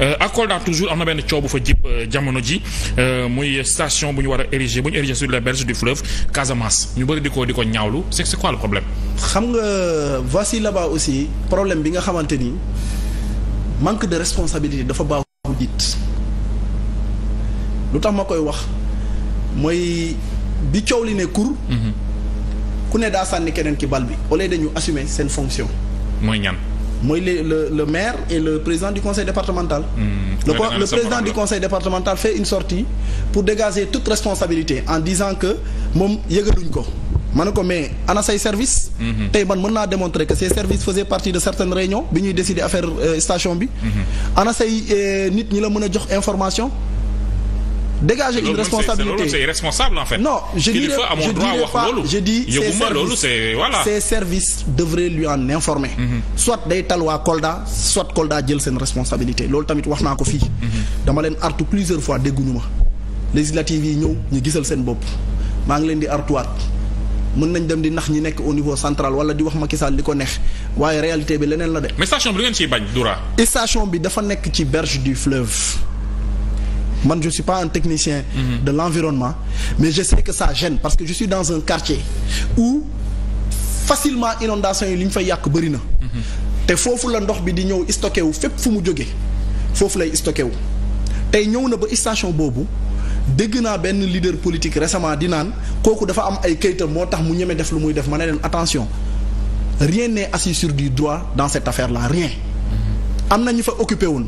Euh, à Kolda toujours am na benn coow bu fa jib euh, jamono ji euh, muy station bu ñu war a ériger bu ñu ériger sur les berges du fleuve Casamance ñu bëri di ko di ko ñaawlu c'est c'est quoi problème. xam nga voici là aussi problème bi nga xamante ni manque de responsabilité dafa baaxu jiit lu tax ma koy wax mooy bi coow li ne kur. Mhm. ku ne daa sànni keneen ki bal bi au lieu de seen fonction. mooy ñan. mooy le le le maire et le président du conseil départemental. Mmh. le co le président du conseil départemental fait une sortie pour dégager toute responsabilité en disant que moom yëgaluñ ko. ma ne ko mais ana say service hmm. tey man mën naa démontrer que ces services faisaient partie de certaines réunions bi ñuy décider affaire euh, station bi. Hmm. ana say euh, nit ñi la mën a jox information. dégager une responsabilité c'est irresponsable en fait. non je dirais je dirais pas je dis ses services voilà. ses services en informer. Mhm. soit day tal waa Kolda soit Kolda jël seen responsabilité loolu tamit wax naa ko fii. Mhm. dama leen artu plusieurs fois dégguñu ma. législatives yi ñëw ñu gisal seen bopp maa ngi leen di artuwaat mën nañ dem di nax ñi nekk au niveau central wala di wax Macky Sall li ko neex waaye réalité bi leneen la de. mais station bi lu ngeen ciy bañ Doura. station bi dafa nekk ci berge du fleuve. man je suis pas un technicien mm -hmm. de l'environnement mais je sais que ça gêne parce que je suis dans un quartier où facilement inondation yi li ñu fay yàq bëri na te foofu la ndox bi di ñëw stocké wu fépp fu mu jóge foofu lay stocké wu tey ñëw na ba station boobu dégg naa benn leader politique récemment di naan kooku dafa am ay kayitam moo tax mu ñeme def lu muy def ma ne leen attention rien n'est assis sur du droit dans cette affaire là rien am na ñu fa occupé woon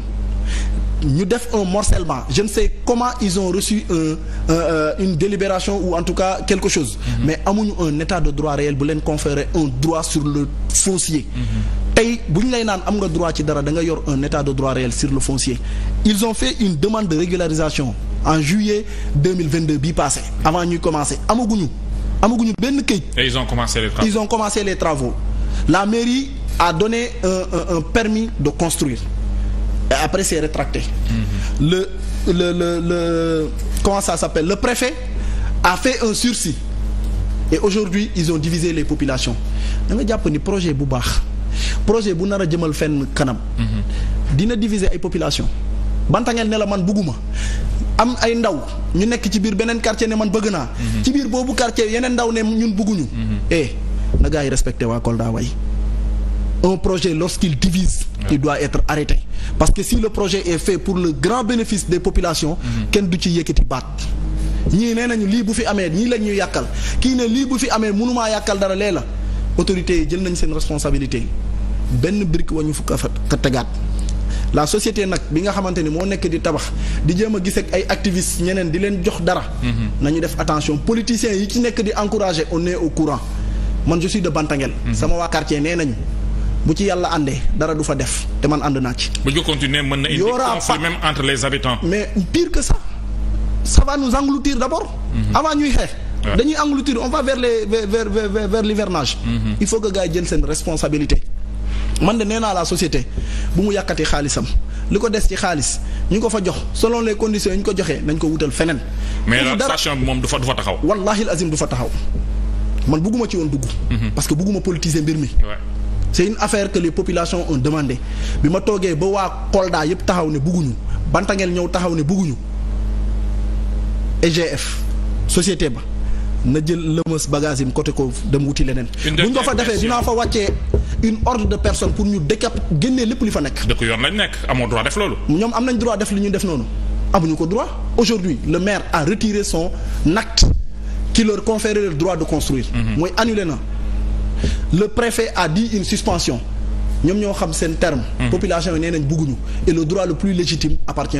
ñu def un morcellement je ne sais comment ils ont reçu euh, euh, euh, une délibération ou en tout cas quelque chose mhm. mais amuñu un état de droit réel bu leen conférer un droit sur le foncier tey bu ñu lay naan am nga droit ci dara da nga yor un état de droit réel sur le foncier ils ont fait une demande de régularisation en juillet 2022 bii passé avant ñuy commencer amaguñu amaguñu benn këyit ils ont commencé les travaux ils commencé les travaux la mairie a donné un, un, un permis de construire et après c'est rétracté. Mhm. le le le le comment ça s'appelle le préfet à fait un sursis et aujourd'hui ils ont divisé les populations da nga jàpp ni projet bu baax projet bu nar a jëmal fenn kanam. Mhm. dina diviser ay populations bantangeel ne la man bugguma am ay ndaw ñu nekk ci biir beneen quartier ne man bëgg naa. Mhm. ci biir boobu quartier yeneen ndaw ne ñun bugguñu. eh na gars yi respecté waay. un projet lorsqu'il divise il doit être arrêté parce que si le projet est fait pour le grand bénéfice des populations mhm. kenn du ci yëkkati baat ñii nee nañu lii bu fi amee ñii lañ ñu yàkkal kii ne lii bu fi amee mënumaa yàkkal dara lee la autorités yi jël nañ seen responsabilité benn brique ñu fukk a tegaat la société nag bi nga xamante ni moo nekk di tabax di jéem a gis ak ay activistes ñeneen di leen jox dara na mhm. nañu def attention politiciens yi ci nekk di encourager on est au courant man je suis de mhm. sama waa nee nañu bu ci yàlla àndee dara du fa def te man ànd naa ci. bu ñu continuer mën na indi conflit même entre les habitants. mais pire que ça ça va nous engloutir d'abord. Mhm. avant ñuy xeex. dañuy engloutir on va vers les vers vers vers mhm. il faut que gars yi jël seen responsabilité. man de nee naa la société bu mu yàkkati xaalisam li ko des ci xaalis ñu ko fa jox selon les condition yi ñu ko joxee nañ ko wutal feneen. mais la station bi moom du fa fa taxaw. wallaahi azim du fa taxaw man bugguma ci woon dugg. Mhm. parce que bugguma politiser mbir mi. c'est une affaire que les populations ont demandé bi ma toogee ba waa Kolda yëpp taxaw ne bugguñu Bantangel ñëw taxaw ne bugguñu EGF société ba na jël lëmës bagage yi côté ko dem wuti leneen. buñ ko fa defee dinaa fa wàccee une ordre de personne pour ñu décap génnee lépp li fa nekk. dëkk yoon lañ nekk amoo droit def loolu. ñoom am nañ droit def li ñu def noonu amuñu ko droit aujourd'hui le maire a retiré son acte qui leur conférait le droit de construire. Mm-hmm. mooy annulé na. le préfet a dit une suspension ñoom ñoo xam seen terme population yi nee nañ bugguñu et le droit le plus légitime appartient